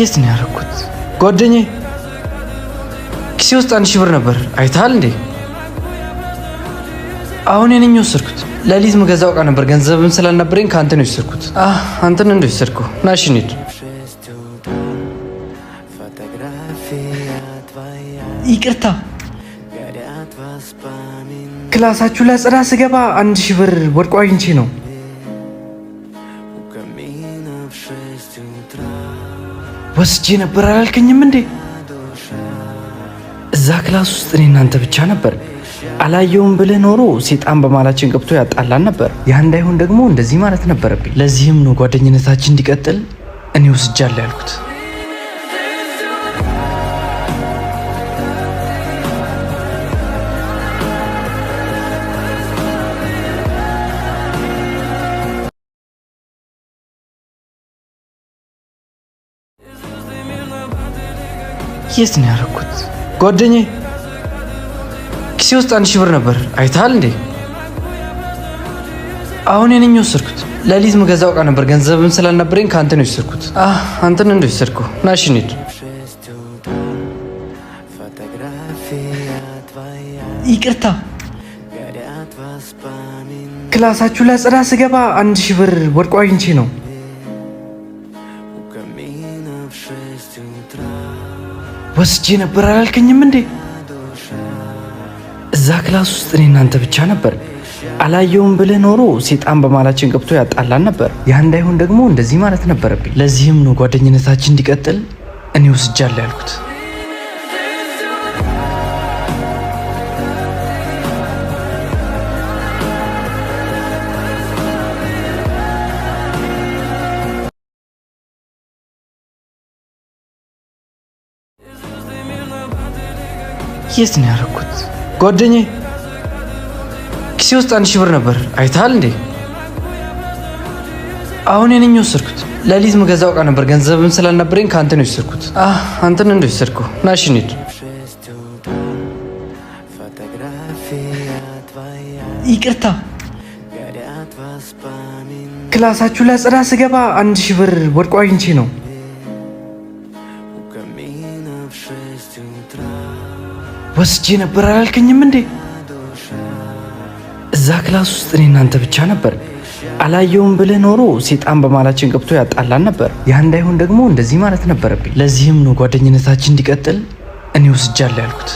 የት ነው ያደረኩት? ጓደኛዬ ኪሴ ውስጥ አንድ ሺህ ብር ነበር። አይተሃል እንዴ? አሁን የነኝ ወሰድኩት። ለሊዝ ምገዛው ዕቃ ነበር፣ ገንዘብም ስላልነበረኝ ከአንተ ነው የወሰድኩት። አንተን እንደ ወሰድከው ናሽ ኒድ ይቅርታ ክላሳችሁ ላይ ጽዳ ስገባ አንድ ሺህ ብር ወድቆ አግኝቼ ነው ወስጄ ነበር አላልከኝም እንዴ? እዛ ክላስ ውስጥ እኔ እናንተ ብቻ ነበር። አላየውም ብለ ኖሮ ሴጣን በማላችን ገብቶ ያጣላን ነበር። ያ እንዳይሆን ደግሞ እንደዚህ ማለት ነበረብኝ። ለዚህም ነው ጓደኝነታችን እንዲቀጥል እኔ ወስጃለሁ ያልኩት። የት ነው ያደረኩት? ጓደኛዬ ኪሴ ውስጥ አንድ ሺህ ብር ነበር። አይተሃል እንዴ? አሁን የነኝ ወሰድኩት። ለሊዝ መገዛው ዕቃ ነበር፣ ገንዘብም ስላልነበረኝ ከአንተ ነው የወሰድኩት። አንተን እንደ ወሰድኩ ናሽ እንሂድ። ይቅርታ ክላሳችሁ ላጸዳ ስገባ አንድ ሺህ ብር ወድቆ አግኝቼ ነው። ወስጄ ነበር አላልከኝም እንዴ? እዛ ክላስ ውስጥ እኔ እናንተ ብቻ ነበር። አላየውም ብለ ኖሮ ሴጣን በማላችን ገብቶ ያጣላን ነበር። ያ እንዳይሆን ደግሞ እንደዚህ ማለት ነበረብኝ። ለዚህም ነው ጓደኝነታችን እንዲቀጥል እኔ ወስጃለሁ ያልኩት። የት ነው ያደረኩት? ጓደኛዬ ኪሴ ውስጥ አንድ ሺህ ብር ነበር። አይተሃል እንዴ? አሁን የነኝ ወሰድኩት። ለሊዝ መገዛው ዕቃ ነበር፣ ገንዘብም ስላልነበረኝ ከአንተ ነው የወሰድኩት። አንተን እንደ ወሰድከው ናሽ እንሂድ። ይቅርታ ክላሳችሁ ላይ ጽዳ ስገባ አንድ ሺህ ብር ወድቆ አግኝቼ ነው ወስጄ ነበር አላልከኝም እንዴ? እዛ ክላስ ውስጥ እኔ እናንተ ብቻ ነበር። አላየውም ብለ ኖሮ ሴጣን በማላችን ገብቶ ያጣላን ነበር። ያ እንዳይሆን ደግሞ እንደዚህ ማለት ነበረብኝ። ለዚህም ነው ጓደኝነታችን እንዲቀጥል እኔ ወስጃለሁ ያልኩት።